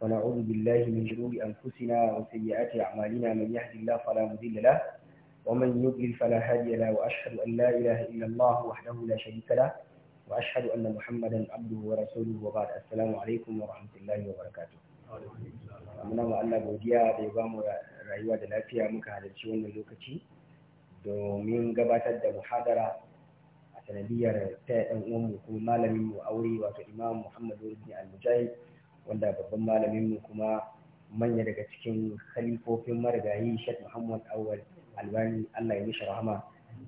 ونعوذ بالله من شرور أنفسنا وسيئات أعمالنا من يهد الله فلا مضل له ومن يضلل فلا هادي له وأشهد أن لا إله إلا الله وحده لا شريك له وأشهد أن محمدا عبده ورسوله وبعد السلام عليكم ورحمة الله وبركاته muna ma Allah godiya da ya bamu rayuwa da lafiya muka halarci wannan lokaci domin gabatar da muhadara a sanadiyar ta ɗan uwanmu kuma malamin mu aure wato Imam Muhammad Ibn Al-Mujahid wanda babban malamin mu kuma manya daga cikin khalifofin marigayi Sheikh Muhammad Awwal Albani Allah ya mishi rahama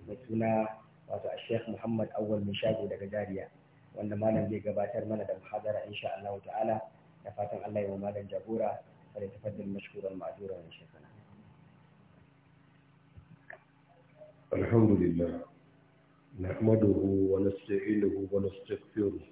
mai suna wato Sheikh Muhammad Awwal mai shago daga jariya wanda malam zai gabatar mana da muhadara insha Allah ta'ala da fatan Allah ya wa malam jagora da tafaddal mashkuran ma'dura wa shekana الحمد لله نحمده ونستعينه ونستغفره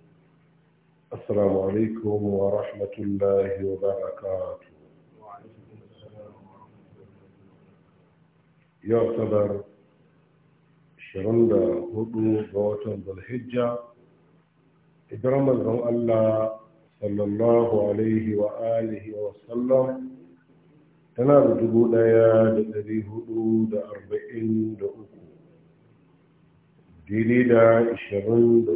السلام عليكم ورحمة الله وبركاته يعتبر شرندا هدو غوتن ذو الحجة إكرام الله صلى الله عليه وآله وسلم tana da dubu ɗaya da ɗari hudu da daidai da 23 ga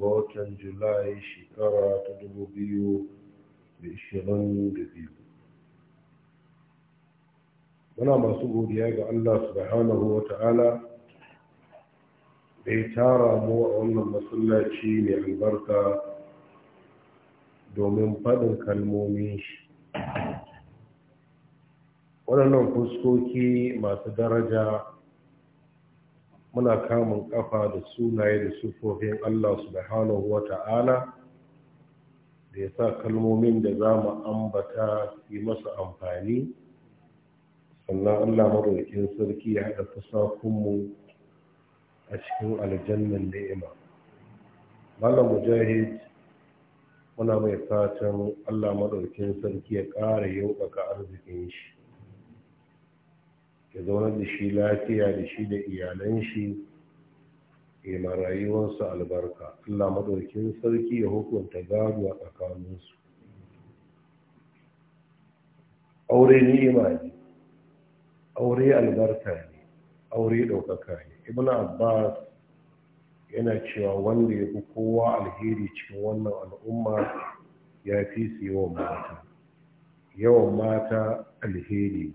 watan julai shekara ta 2022 muna masu godiya ga allah subhanahu wa ta'ala da ya tara mu a wannan masallaci mai albarka domin faɗin kalmomin shi waɗannan fuskoki masu daraja muna kamun kafa da sunaye da sufofin Allah subhanahu wa ta'ala da ya sa kalmomin da za mu ambata yi masa amfani sannan Allah madaukakin sarki ya haɗa fasakunmu a cikin aljannan ni'ima malam mujahid muna mai fatan Allah maɗaukin sarki ya ƙara yauƙaƙa arzikin shi ya zaunar da shi lafiya da shi da iyalan shi ya ma rayuwarsu albarka Allah maɗaukin sarki ya hukunta gado a tsakaninsu aure ni'ima ne aure albarka ne aure ɗaukaka ne ibn abbas yana cewa wanda ya fi kowa alheri cikin wannan al'umma ya fi su yawan mata yawan mata alheri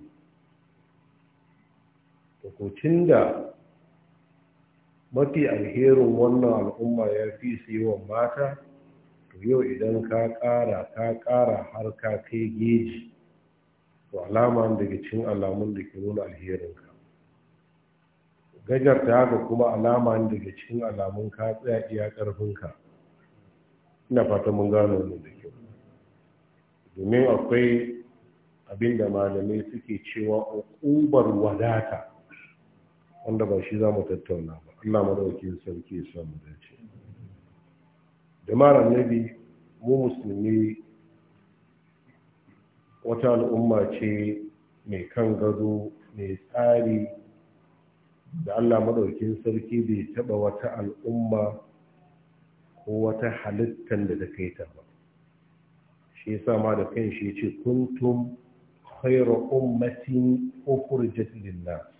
hukutun da mafi alherin wannan al'umma ya fi su yi wa mata to yau idan ka ƙara ka ƙara har ka kai geji to alama daga cin alamun da ke nuna alherinka gajar ta haka kuma alama daga cikin alamun ka tsaya iya ƙarfinka ina fata mun gano ne da kyau domin akwai abinda malamai suke cewa ukubar wadata wanda ba shi za mu tattauna ba Allah madaukakin sarki ya samu dace jama'ar annabi mu musulmi wata al'umma ce mai kan gado mai tsari da Allah maɗaukin sarki bai taba wata al'umma ko wata halittar da ta kai ta ba shi yasa ma da kan shi ce kuntum khayra ummatin ukhrijat lin-nas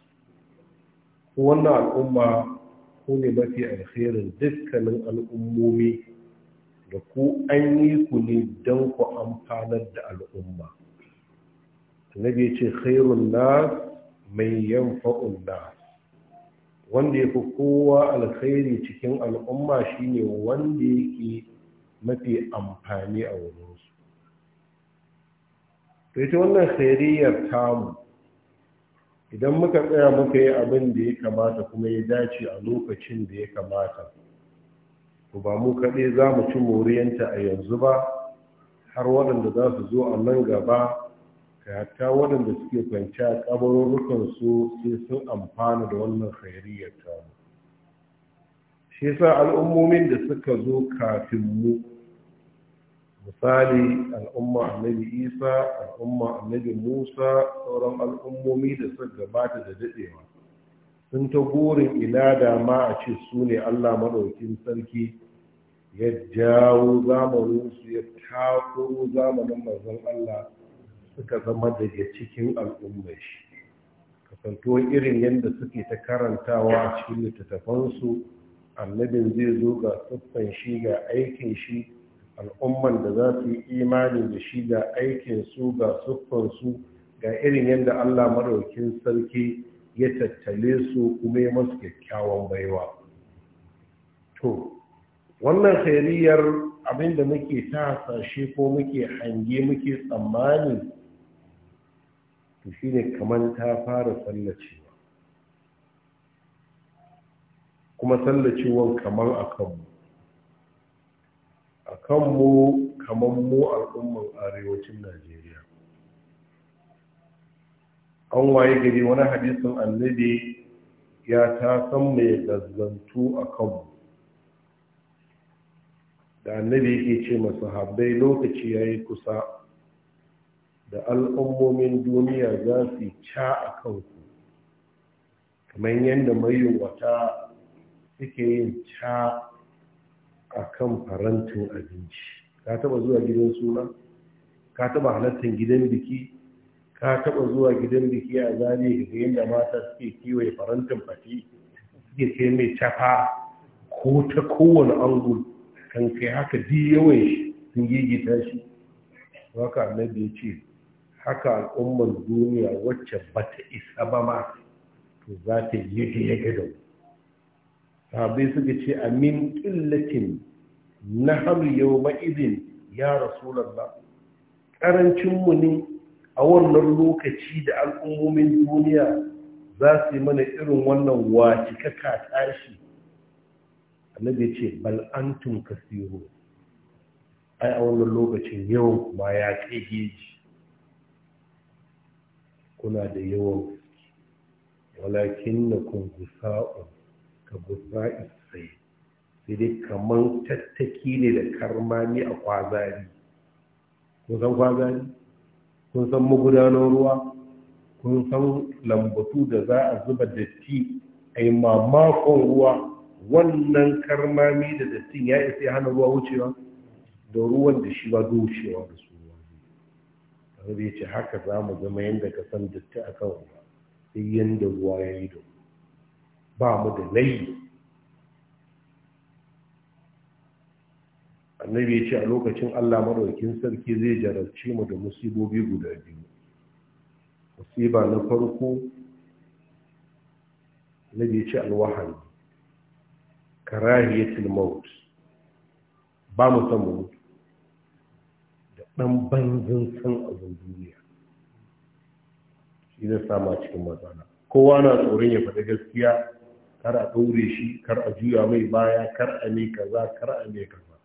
wannan al'umma ku ne mafi alherin dukkanin al'ummomi da ku an yi ku ne don ku amfanar da al'umma nabi ya ce khairun nas mai yanfa'un nas wanda ya fi kowa alkhairi cikin al'umma shine wanda yake mafi amfani a wurinsu to ita wannan khairiyar tamu idan muka tsaya muka yi abin da ya kamata kuma ya dace a lokacin da ya kamata to ba mu kaɗai za mu ci moriyanta a yanzu ba har waɗanda za su zo a nan gaba ka hatta waɗanda suke kwanci a su sai sun amfana da wannan khairiyar ta shi yasa al'ummomin da suka zo kafin mu misali al'umma annabi isa al'umma annabi musa sauran al'ummomi da suka gabata da daɗewa sun ta gurin ina da ma a ce su ne allah maɗaukin sarki ya jawo su ya takuro zamanin mazan allah suka zama daga cikin al'umma shi kasanto irin yadda suke ta karantawa a cikin littattafansu annabin zai zo ga sassan shi ga aikin shi al'umman da za su yi imani da shi ga aikinsu ga su ga irin yadda allah maɗaukin sarki ya tattale su kuma ya masu kyakkyawan baiwa to wannan khairiyar abinda muke ta hasashe ko muke hange muke tsammani to shine kamar ta fara tsallacewa kuma tsallacewan kamar a kanmu a kanmu kamar mu al'umman arewacin najeriya an waye gari wani hadisin annabi ya ta san mai gazzantu a kanmu da annabi ke ce masu habbai lokaci ya yi kusa da al'ummomin duniya za su ca a kanku kamar yadda mai wata suke yin ca a kan farantin abinci ka taba zuwa gidan suna ka taba halattar gidan biki ka taba zuwa gidan biki a zane ga da mata suke kiwaye farantin fati suke sai mai cafa ko ta kowane angul kan kai haka di yawan shi sun gigita shi haka annabi ya ce haka al'ummar duniya wacce ba ta isa ba ma to za ta yi da ya gada sahabai suka ce amin ƙillatin na har yau ma'izin ya rasulallah ƙarancinmu ne a wannan lokaci da al'ummomin duniya za su yi mana irin wannan ka kaka tashi annabi ce bal'antun kasiru ai a wannan lokacin yawan kuma ya kai geji kuna da yawan walakin na kun gusa'un ka guffa'i tsaye sai dai kaman tattaki ne da karmami a kwazari kun san kwazari kun san magudanar ruwa kun san lambatu da za a zuba datti a yi mamakon ruwa wannan karmami da dattin ya isa ya hana ruwa wucewa da ruwan da shi ba wucewa da su ruwa zai ce haka za mu zama yadda ka san datti a kan ruwa sai yadda ruwa ya yi da ba mu da laifi annabi ya ce a lokacin allah maɗaukin sarki zai jararci mu da musibobi guda biyu musiba na farko annabi ya ce alwahani karahiyatul maut ba mu san mu mutu da ɗan banzin san abin duniya shi zai sama cikin matsala kowa na tsoron ya faɗi gaskiya kar a ɗaure shi kar a juya mai baya kar a mai kaza kar a mai kaza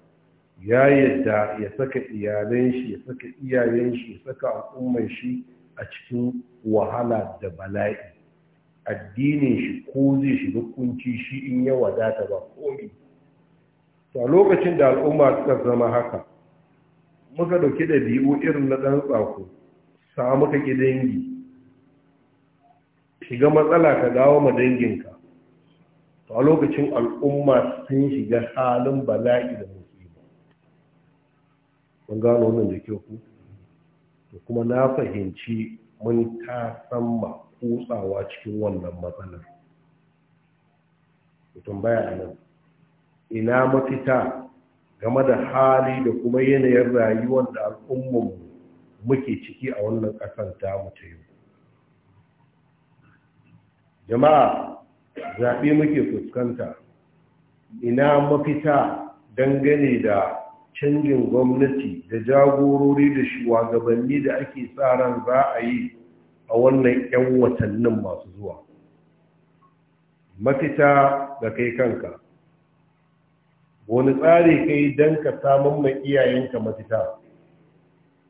ya yadda ya saka iyalan shi ya saka iyayen shi ya saka al'umman shi a cikin wahala da bala'i addinin shi ko zai shiga hukunci shi in ya wadata ba komi to a lokacin da al'umma suka zama haka muka dauki ɗabi'u irin na ɗan tsako samu ka ki dangi shiga matsala ka dawo ma danginka a lokacin al'umma sun shiga halin bala'i da musulmi mun gano wannan da ke ku to kuma na fahimci mun ta samma kutsawa cikin wannan matsalar mutum baya a nan ina mafita game da hali da kuma yanayin rayuwar da al'ummanmu muke ciki a wannan ƙasar ta mutu jama'a zaɓe muke fuskanta ina mafita dangane da canjin gwamnati da jagorori da shugabanni da ake sa ran za a yi a wannan 'yan watannin masu zuwa mafita ga kai kanka wani tsari kai don ka samun mai iyayenka mafita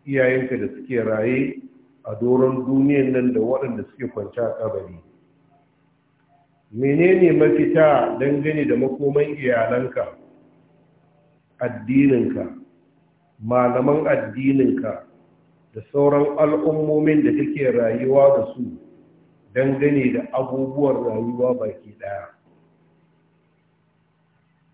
iyayenka da suke raye a doron duniyan nan da waɗanda suke kwanci a ƙabari? menene mafita dangane da makoman iyalanka addininka malaman addininka da sauran al'ummomin da take rayuwa da su dangane da abubuwan rayuwa baki ɗaya?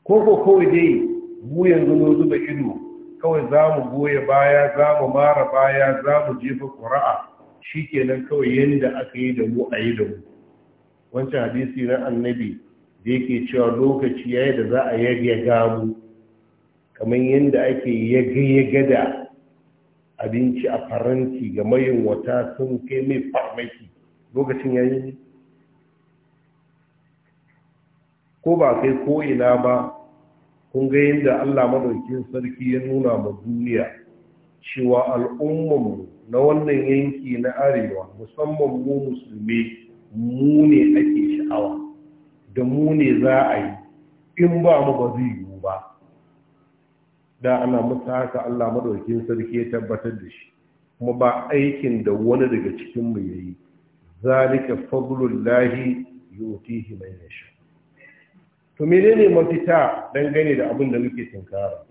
ko ko kawai dai mu yanzu mun zuba ido kawai za mu goye baya za mu mara baya za mu jefa ƙura'a shi kenan kawai yadda aka yi da mu a yi da mu wancan hadisi na annabi da yake cewa lokaci yayi da za a yage gamu kamar yadda ake yage-yage da abinci a faranti ga mayin wata sun kai mai farmaki lokacin yayi ko ba kai ko ina ba kun ga yadda Allah madaukin sarki ya nuna ma duniya cewa al'ummanmu na wannan yanki na arewa musamman mu musulmi mu ne ake sha'awa da mu ne za a yi in ba mu ba zai yiwu ba da ana musa haka Allah maɗaukin sarki ya tabbatar da shi kuma ba aikin da wani daga cikin mu yayi zalika fadlullahi yutihi mai yasha to menene mafita dangane da abin da muke tinkara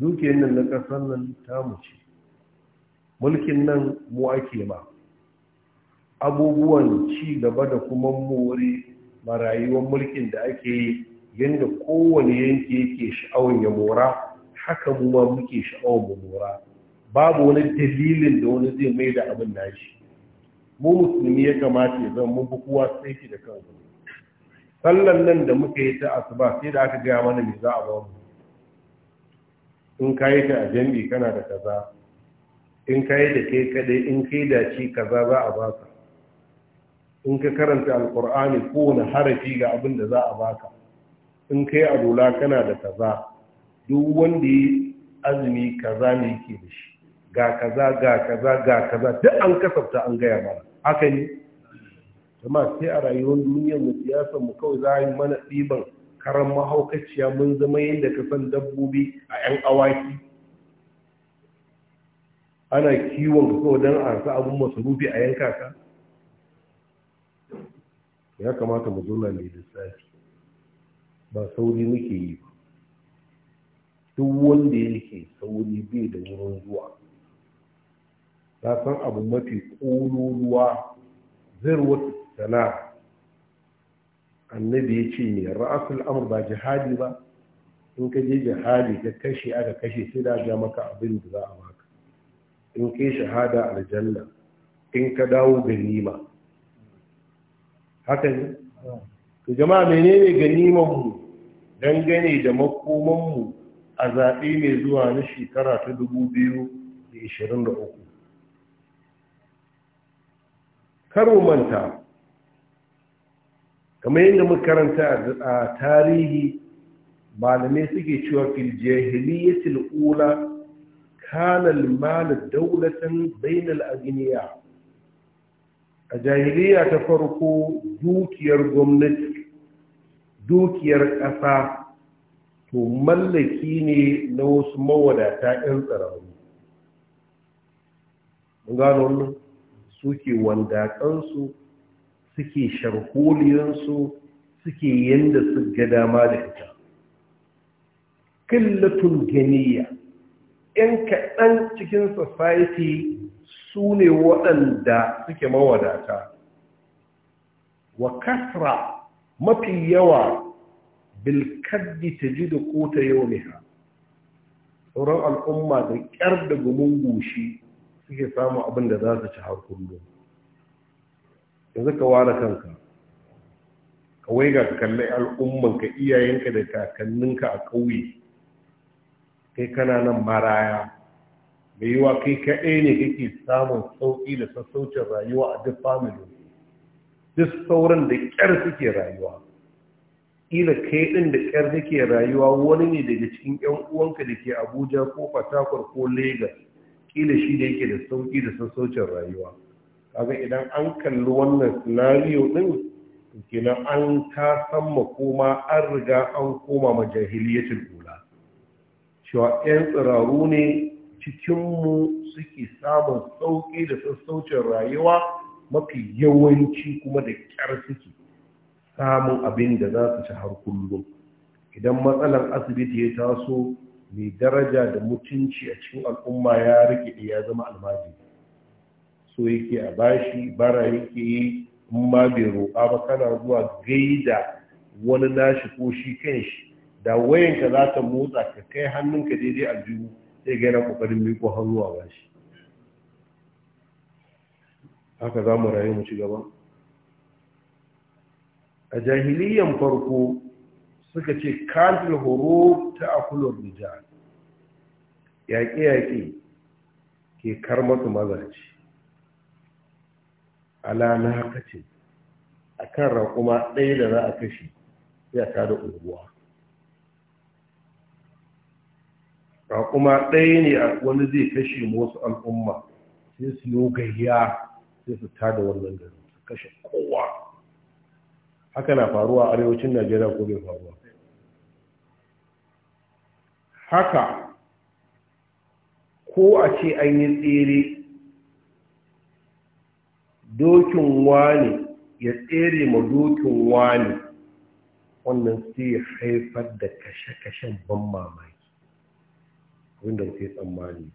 dukiyar nan na kasar nan ta mu ce mulkin nan mu ake ba. abubuwan ci gaba da kuma more marayuwar mulkin da ake yi yadda kowane yanki yake sha'awar ya mora haka mu ma muke sha'awar mu mora babu wani dalilin da wani zai mai da abin da shi mu musulmi ya kamata ya zama mun kowa sai da kanku sallan nan da muka yi ta asuba sai da aka gaya mana me za a ba mu in ka yi ta a jami'i kana da kaza in ka yi da kai kadai in kai da ci kaza za a ka in ka karanta alkur'ani kowane harafi ga abin da za a baka in ka yi alula kana da kaza duk wanda yi azumi kaza ne ke da shi ga kaza ga kaza ga kaza duk an kasafta an gaya mana haka ne kuma sai a rayuwar duniyar mu siyasar mu kawai za a yi mana ɗiban karan mahaukaciya mun zama yadda ka san dabbobi a 'yan awaki ana kiwon ka kawai don a sa abin masarufi a yanka ka ya kamata mu zauna mai lissafi ba sauri muke yi ba duk wanda yake sauri bai da wurin zuwa ta san abu mafi ƙololuwa zirwata sana annabi ya ce ne ra'asul amur ba jihadi ba in ka je jihadi ka kashe aka kashe sai da ga maka abin da za a baka in kai shahada aljanna in ka dawo ganima haka ne to jama'a menene ganimanmu dangane da makomanmu a zaɓe mai zuwa na shekara ta 2023 karo manta kamar yadda makaranta a tarihi malamai suke cewa fil jahiliyatil ula kana al-mal dawlatan bainal aginiya? a jahiliya ta farko dukiyar gwamnati dukiyar ƙasa to mallaki ne na wasu mawadata 'yan tsararru mun gano wannan suke wandaƙansu suke sharholiyansu suke yadda su ga dama da ita killatun ganiya 'yan kaɗan cikin society su ne waɗanda suke mawadata wa kasra mafi yawa bilkaddi ta ji da kota yau ha sauran al'umma da ƙyar da gumin goshi suke samu abin da za su ci har kullum yanzu ka ware kanka kawai ga kalli al'ummanka iyayenka da kakanninka a ƙauye kai kananan nan maraya da yiwa kai kaɗai ne kake samun sauƙi da sassaucin rayuwa a duk family duk sauran da ƙyar suke rayuwa ƙila kai ɗin da ƙyar kake rayuwa wani ne daga cikin ƴan uwanka da ke abuja ko fatakwar ko Legas ƙila shi da yake da sauƙi da sassaucin rayuwa kaga idan an kalli wannan sinariyo ɗin kenan an ta san koma an riga an koma ma jahiliyacin ula cewa ƴan tsiraru ne cikinmu suke samun sauƙi da sassaucin rayuwa mafi yawanci kuma da ƙyar suke samun abin da za su ci har kullum idan matsalar asibiti ya taso mai daraja da mutunci a cikin al'umma ya rike ya zama almaji so yake a bashi bara yake yi in ma bai roƙa ba kana zuwa gaida wani nashi ko shi kan shi da wayanka za ta motsa ka kai hannunka daidai aljihu sai gaira yana kokarin miko hannuwa ba shi haka za mu rayu mu ci gaba a jahiliyan farko suka ce kantar horo ta akulon rijal yaƙe-yaƙe ke karmatu mazarci ala na haka ce a kan raƙuma ɗaya da za a kashe ya ta da unguwa raƙuma ɗaya ne a wani zai kashe wasu al'umma sai su yi gayya sai su tada wannan gari su kashe kowa haka na faruwa a arewacin najeriya ko bai faruwa haka ko a ce an yi tsere dokin wani ya tsere ma dokin wani wannan sai haifar da kashe-kashen ban mamaye wanda ba tsammani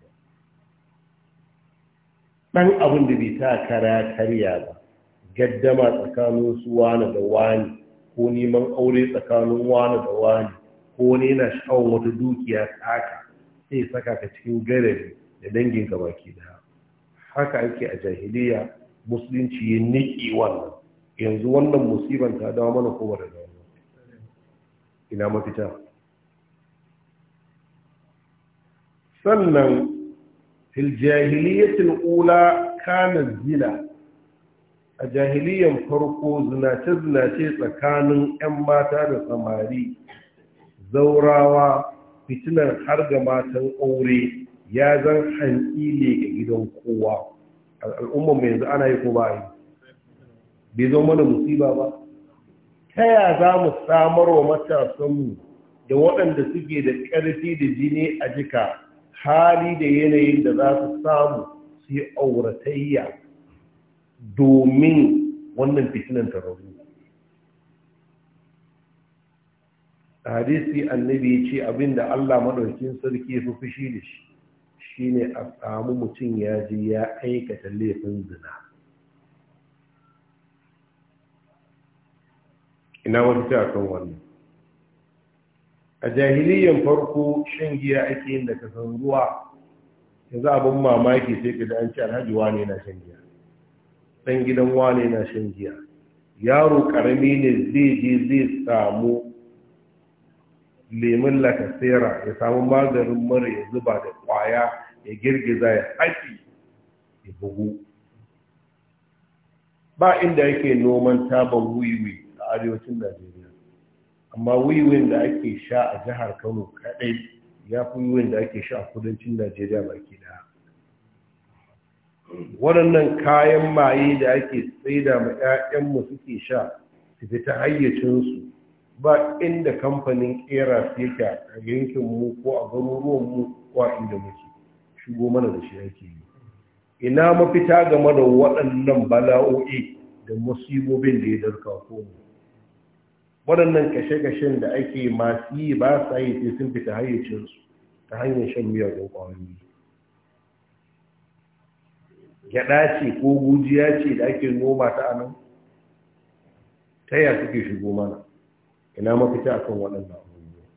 ba ɗan abin da bai ta kara karya ba gaddama tsakanin su wani da wani ko neman aure tsakanin wani da wani ko ne na sha'awar wata dukiya taka sai saka ka cikin garari da dangin ka baki da haka ake a jahiliya musulunci ya niƙe wannan yanzu wannan musibar ta dawo mana kowa da dawo ina mafita sannan fil jahiliyatil ula kana zina a jahiliyan farko zinace-zinace tsakanin 'yan mata da samari zaurawa fitinar har ga matan aure ya zan hanki ne ga gidan kowa al'ummar yanzu ana yi ko yi. bai zo mana musiba ba ta ya za mu samar wa matasanmu da waɗanda suke da ƙarfi da jini a jika hali da yanayin da za su samu su yi auratayya domin wannan fitinan ta rabu hadisi annabi ce abinda Allah maɗaukin sarki ya fi fushi da shi shi ne a samu mutum ya ji ya aikata laifin zina ina wata kan wannan a jahiliyyar farko shan giya ake yin da san ruwa yanzu abin mamaki sai ka an ce alhaji wane na shan giya ɗan gidan wane na shan giya yaro ƙarami ne zai je zai samu lemun lakasera ya samu maganin mara ya zuba da ƙwaya ya girgiza ya haifi ya bugu ba inda yake noman taban wiwi a arewacin najeriya amma wiwin da ake sha a jihar kano kadai ya fi wiwin da ake sha a kudancin najeriya baki daya waɗannan kayan maye da ake tsaida ma 'ya'yanmu suke sha su fita hayyacinsu ba inda kamfanin kera su yake a yankinmu ko a garuruwanmu ko a inda muke shigo mana da shi yake yi ina mafita game da waɗannan bala'o'i da musibobin da ya darka ko mu waɗannan kashe-kashen da ake masu yi ba sa yi sai sun fita hayyacinsu ta hanyar shan miyagun ƙwayoyi gyaɗa ce ko gujiya ce da ake noma ta anan ta yi suke shigo mana ina mafita a kan waɗannan abubuwa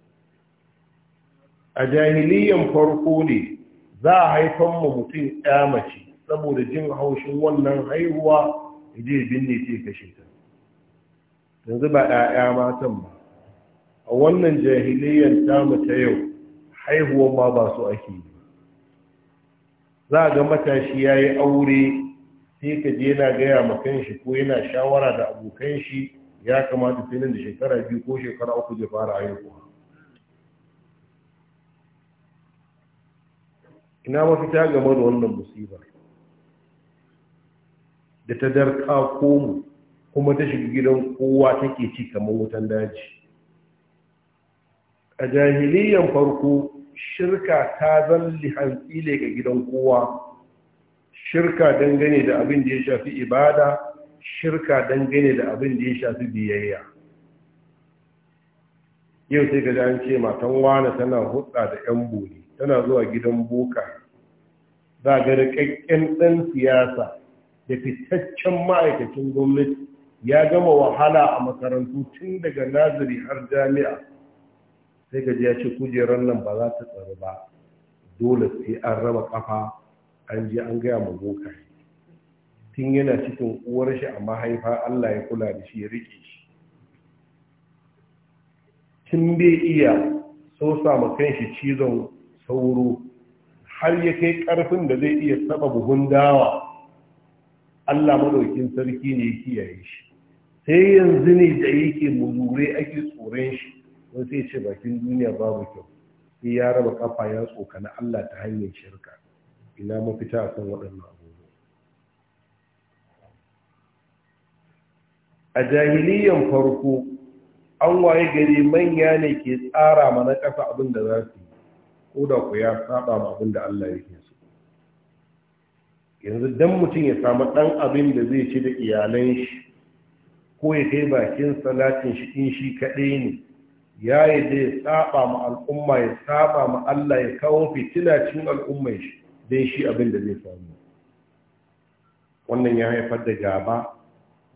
a jahiliyan farko ne za a haifan ma mutum mace saboda jin haushin wannan haihuwa zai binne ce kashe ta yanzu ba ɗaya matan ba a wannan jahiliyar tamu ta yau haihuwan ma ba su ake yi za ga matashi ya yi aure sai ka je yana gaya ma kanshi ko yana shawara da abokan shi ya kamata sai nan da shekara biyu ko shekara uku zai fara haihuwa ina mafita game da wannan musibar da ta darka komu kuma ta shiga gidan kowa take ci kamar wutan daji a jahiliyan farko shirka ta zalli hantsi ne ga gidan kowa shirka dangane da abin da ya shafi ibada shirka dangane da abin da ya shafi biyayya yau sai ga an ce matan wane tana huɗa da 'yan buri tana zuwa gidan boka za ga ɗan siyasa da fitaccen ma'aikacin gwamnati ya gama wahala a makarantu tun daga naziri har jami'a sai gaji ya ce kujerar nan ba za ta tsaro ba dole sai an raba kafa an ji an gaya ma boka tun yana cikin uwar shi a mahaifa Allah ya kula da shi ya rike shi tun bai iya sosa ma kan shi cizon sauro har ya kai karfin da zai iya saba buhun dawa Allah madaukin sarki ne ya kiyaye shi sai yanzu ne da yake mulure ake tsoron shi wani sai ce bakin duniya babu kyau sai ya raba kafa ya tsoka na Allah ta hanyar shirka ina mafita a kan waɗannan abubuwa a jahiliyan farko an waye gari manya ne ke tsara mana ƙasa abin da za su yi ko da ku ya saba ma abin da Allah yake so yanzu don mutum ya samu ɗan abin da zai ci da iyalan shi ko ya kai bakin salatin shi in shi kaɗai ne ya yi dai ya saba ma al'umma ya saba ma Allah ya kawo fitina cikin al'umma shi don shi abin da zai samu wannan ya haifar da gaba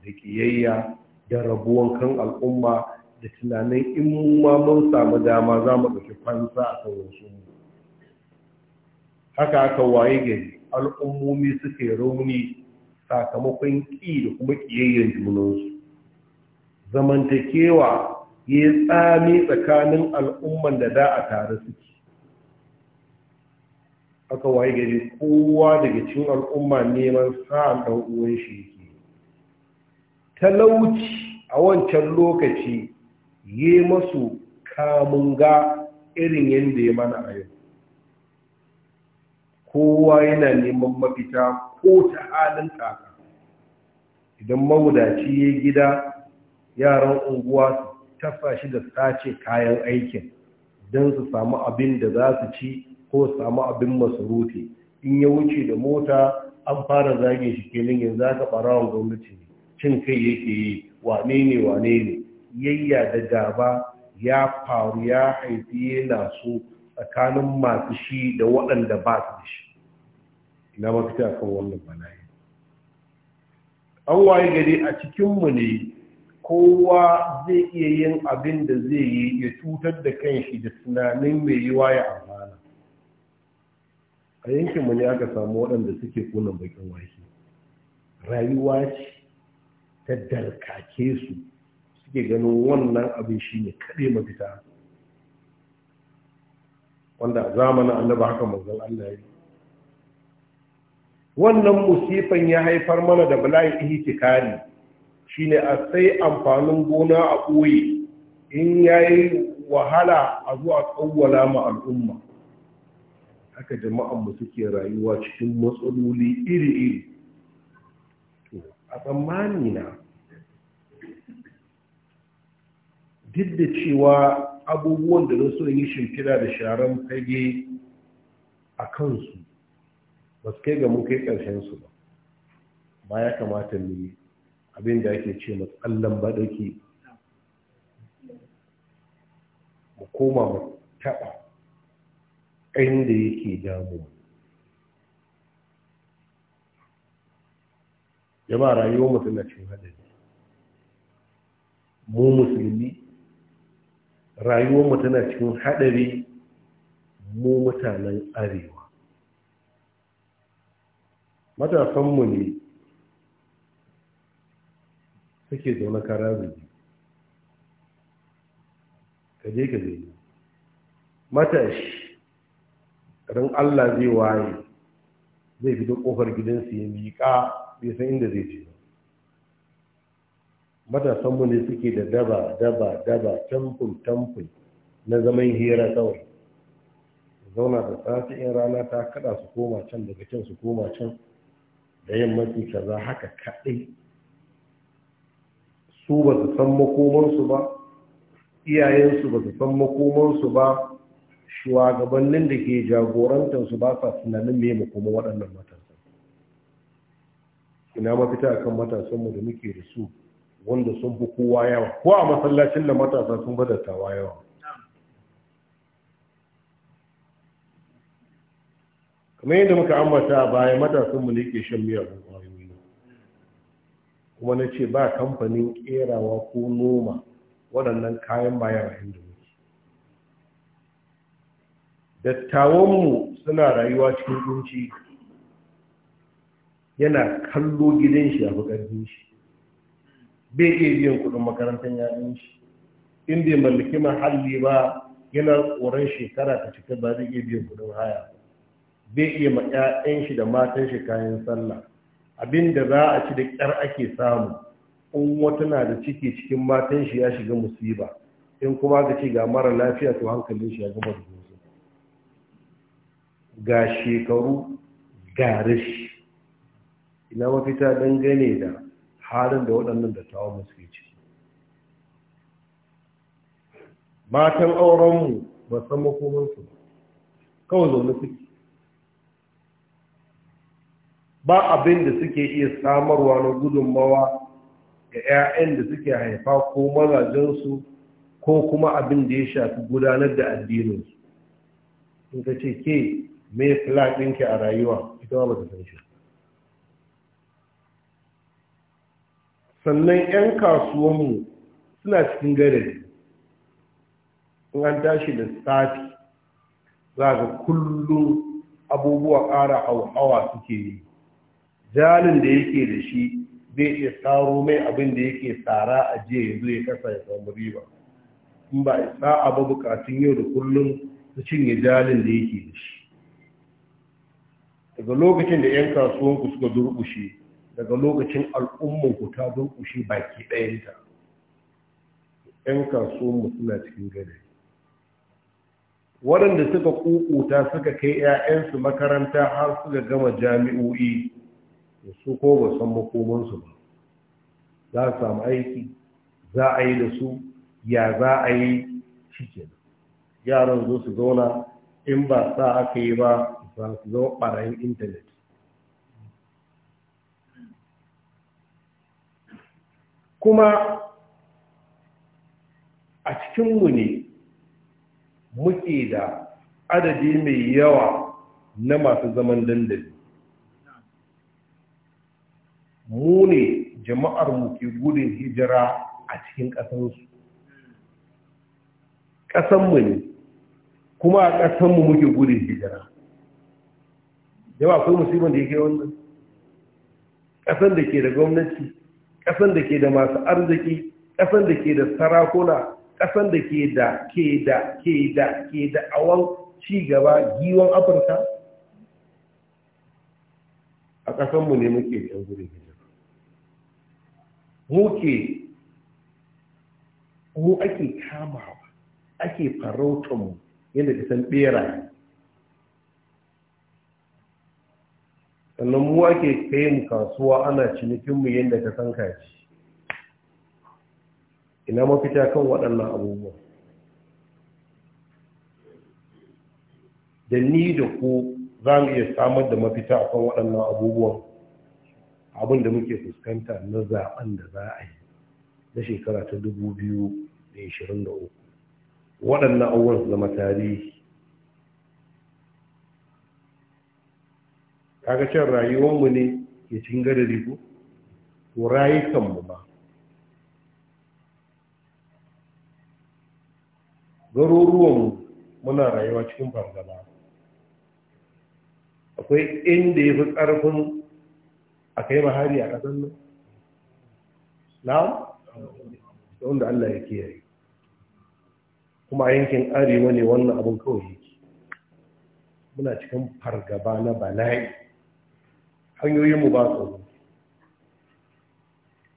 da ƙiyayya da rabuwan kan al'umma da tunanin in ma mun samu dama za mu ɗauki fansa a kan wasu haka aka waye gari al'ummomi suke rauni sakamakon ƙi da kuma ƙiyayyar junansu zamantakewa ya yi tsami tsakanin al'umman da da a tare suke aka waye gari kowa daga cin al'umma neman sa'an ɗan'uwan shi ke talauci a wancan lokaci ya masu kamun ga irin yadda ya mana a yau kowa yana neman mafita ko ta halin kaka idan mawudaci ya gida yaran unguwa su tasa shi da sace kayan aikin don su samu abin da za su ci ko su samu abin masarufi in ya wuce da mota an fara zage shi za ka aka barawan gwamnati cin kai yake yi wane ne wane ne yayya da gaba ya faru ya haifi yana so tsakanin masu shi da waɗanda ba su da shi ina mafita kan wannan bala'i an waye gari a cikinmu ne kowa zai iya yin abin da zai yi ya cutar da kanshi da tunanin mai yiwa ya amfana a yankinmu ne aka samu waɗanda suke kuna bakin washe. rayuwa ce ta darkake su suke ganin wannan abin shi ne kaɗai mafita wanda a zamanin annaba haka manzon Allah ya wannan musifan ya haifar mana da bala'in ihtikari shine a sai amfanin gona a ɓoye in ya yi wahala a zuwa tsawwala ma al'umma haka jama'an mu suke rayuwa cikin matsaloli iri-iri To a tsammani na duk da cewa abubuwan da na so yi shimfiɗa da sharan fage a kansu ba su kai ga mun kai su ba ba ya kamata mu yi abin da ake ce mu tsallan baɗaki mu koma mu taɓa inda yake damu ya rayuwar mutum na cin hadari mu musulmi rayuwar mu tana cikin hadari mu mutanen arewa matasanmu ne kake zaune kara zuci ka je ka zai matashi ran Allah zai waye zai fito kofar gidansu ya miƙa bai san inda zai ce matasanmu ne suke da daba daba daba tamfin tamfin na zaman hira kawai zauna da safe in rana ta kada su koma can daga can su koma can da yammaci kaza haka kaɗai su ba su san makomansu ba iyayensu ba su san makomansu ba shugabannin da ke jagorantarsu ba sa tunanin me makoman waɗannan matasan ina mafita akan matasanmu da muke da su wanda sun fi kowa yawa ko a masallacin da matasa sun fi yawa kamar yadda muka ambata a baya matasanmu ne ke shan miyagun kuma na ce ba kamfanin ƙerawa ko noma waɗannan kayan bayan a inda muke dattawanmu suna rayuwa cikin kunci yana kallo gidan shi a bukatun shi bai iya biyan kudin makarantar yayin shi inda bai mallaki mahalli ba yana tsoron shekara ta cika ba zai iya biyan kudin haya bai iya ma 'ya'yan shi da matan shi kayan sallah abinda za a ci da ƙyar ake samu in wata na da ciki cikin matan shi ya shiga musiba in kuma ga ce ga mara lafiya to hankalin shi ya gaba da zuzu ga shekaru ga rashi ina mafita dangane da halin da waɗannan da musu ke ciki matan aurenmu ba san makomansu ba kawai zaune suke ba abin da suke iya samarwa na gudunmawa ga 'ya'yan da suke haifa ko mazajensu ko kuma abin da ya shafi gudanar da addininsu in ka ce ke mai flag ɗinki a rayuwa ita ba ta sanshi sannan 'yan kasuwanmu suna cikin gadari in an tashi da sati za ga kullum abubuwa ƙara hawa suke yi jalin da yake da shi zai iya tsaro mai abin da yake tsara a jiya yanzu ya kasa ya samu riba in ba a sa'a ba bukatun yau da kullum su cinye jalin da yake da shi daga lokacin da 'yan kasuwanku suka durkushe daga lokacin al'ummanku ta durkushe baki ɗayanta 'yan kasuwanmu suna cikin gada waɗanda suka kukuta suka kai 'ya'yansu makaranta har suka gama jami'o'i su ko ba san makomansu ba za su samu aiki za a yi da su ya za a yi shi ke yaran zo su zauna in ba sa aka yi ba za su zama ɓarayin intanet kuma a cikinmu ne muke da adadi mai yawa na masu zaman dandali mu ne jama'ar mu ke gudun hijira a cikin ƙasansu ƙasanmu ne kuma a ƙasanmu muke gudun hijira jama'a akwai musulman da yake wannan ƙasan da ke da gwamnati ƙasan da ke da masu arziki ƙasan da ke da sarakuna ƙasan da ke da ke da ke da ke da awon cigaba giwon afirka a ƙasanmu ne muke yan gudun hijira Muke ko ake kama ake farautar mu yadda ka san bera sannan mu ake kai mu kasuwa ana cinikin mu yadda ka san kaci ina mafita kan waɗannan abubuwa da ni da ku za mu iya samar da mafita kan waɗannan abubuwan abin da muke fuskanta na zaben da za a yi na shekara ta 2023 waɗannan abubuwan su zama tarihi kaga can rayuwarmu ne ke gada gadari ko rayukanmu ba garuruwanmu muna rayuwa cikin fargaba akwai inda ya fi ƙarfin Akai kai mahari a ƙasar nan na'am da wanda Allah ya kiyaye kuma yankin arewa ne wannan abin kawai yake muna cikin fargaba na bala'i hanyoyinmu ba tsoro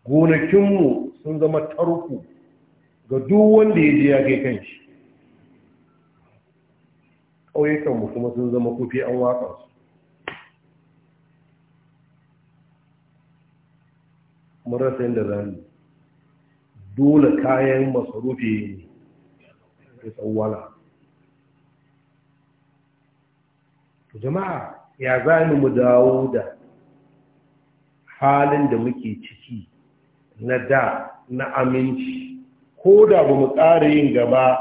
gonakinmu sun zama tarku ga duk wanda ya je ya kai kanshi ƙauyukanmu kuma sun zama kufi an watsa su mun rasa yin za rani. dole kayan masarufi ne, ya tsawwala jama'a ya za mu dawo da halin da muke ciki na da na aminci ko da ba mu ƙara yin gaba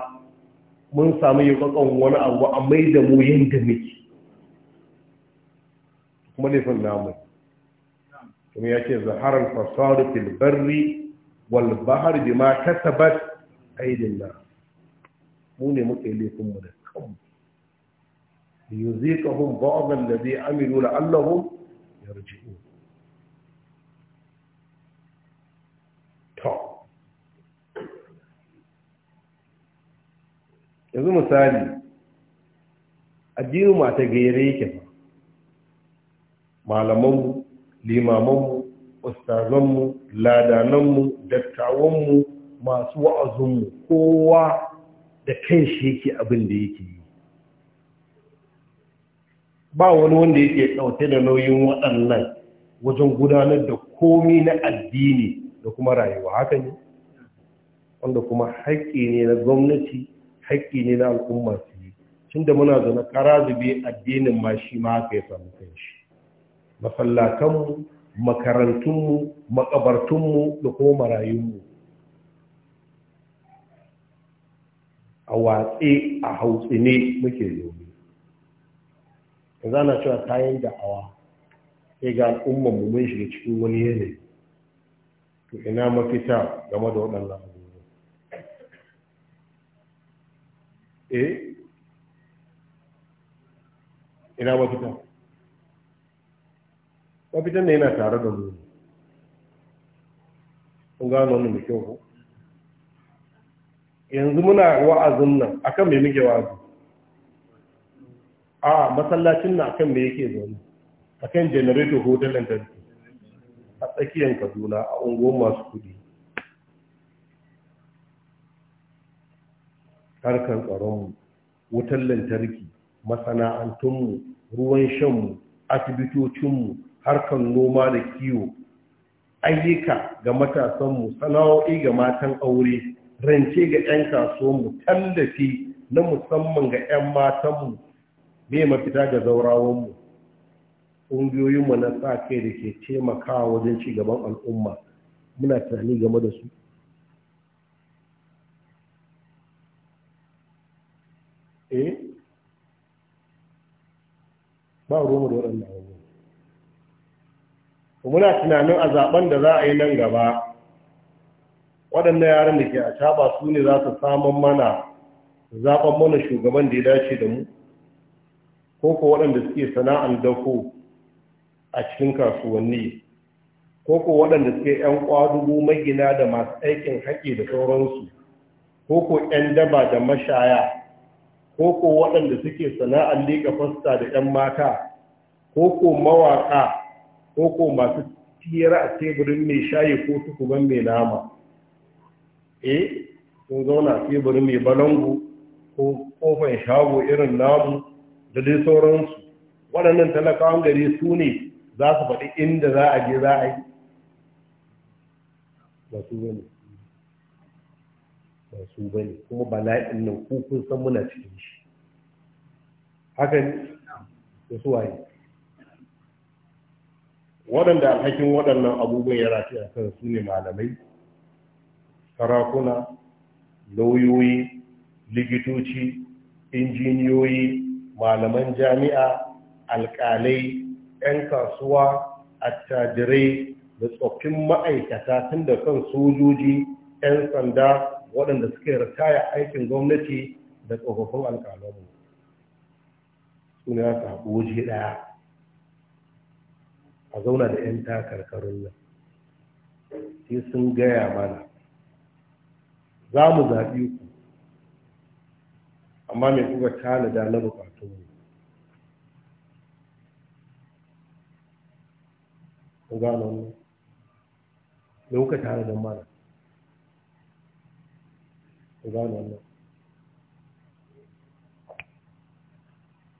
mun samu yi wani abu a mai da mu yin da muke kuma laifin namun kuma ya ce zaharar fasadu fil barri wal bahar bima kasabat aidin nas mu ne muka yi laifin mu da kanmu liyuziqahum ba'd alladhi amilu la'allahum yarji'un to yanzu misali addinin mata gaire yake fa malaman limamanmu ustazanmu ladananmu dattawanmu masu wa'azinmu kowa da kan shi yake abin da yake yi ba wani wanda yake ɗauke da nauyin waɗannan wajen gudanar da komi na addini da kuma rayuwa haka ne wanda kuma haƙƙi ne na gwamnati haƙƙi ne na al'umma su yi tun da muna zana ƙara zube addinin ma shi ma haka ya samu kan shi masallatanmu makarantunmu makabartunmu da kuma marayunmu a watse a hautsine muke yomi ka zana cewa kayan da'awa sai ga al'ummanmu mun shiga cikin wani yanayi to ina mafita game da waɗannan abubuwa eh ina mafita mafitan ne yana tare da mu kun gano wannan da kyau ko yanzu muna wa'azin nan akan me muke wa'azi a masallacin nan akan me yake zaune akan generator hotel lantarki a tsakiyar kaduna a unguwar masu kudi harkar tsaronmu wutar lantarki masana'antunmu ruwan shanmu asibitocinmu harkar noma da kiwo ayyuka ga matasanmu sana'o'i ga matan aure rance ga 'yan kasuwanmu tallafi na musamman ga 'yan matanmu ne mafita ga zaurawanmu ƙungiyoyinmu na sa kai da ke taimakawa wajen ci gaban al'umma muna tunani game da su eh ba ruwanmu da waɗannan muna tunanin a zaben da za a yi nan gaba waɗannan yaran da ke a caba su ne za su samun mana zaben mana shugaban da ya dace da mu ko ko waɗanda suke sana'an dako a cikin kasuwanni ko ko waɗanda suke 'yan ƙwadugo magina da masu aikin haƙƙi da sauransu ko ko 'yan daba da mashaya ko ko waɗanda suke sana'an liƙa fasta da 'yan mata ko ko mawaƙa ko ko masu tira a teburin mai shayi ko tukuban mai nama e sun zauna a teburin mai balangu ko kofan shago irin namu da dai sauransu waɗannan talakawan gari su ne za su faɗi inda za a je za a yi ba su bane ba su bane kuma bala'in nan kukun san muna cikin shi haka ne da su waye waɗanda alhakin waɗannan abubuwan ya rafi a kan su ne malamai sarakuna lauyoyi likitoci injiniyoyi malaman jami'a alƙalai 'yan kasuwa attajirai da tsoffin ma'aikata tun da kan sojoji 'yan sanda waɗanda suka suke ritaya aikin gwamnati da tsofaffin alƙalanmu suna su ɗaya a zauna da 'yan takarkarun nan sai sun gaya mana za mu zaɓi ku amma mai kuka tanada na bukatunmu ku gano mu mai kuka tanada mana ku na mu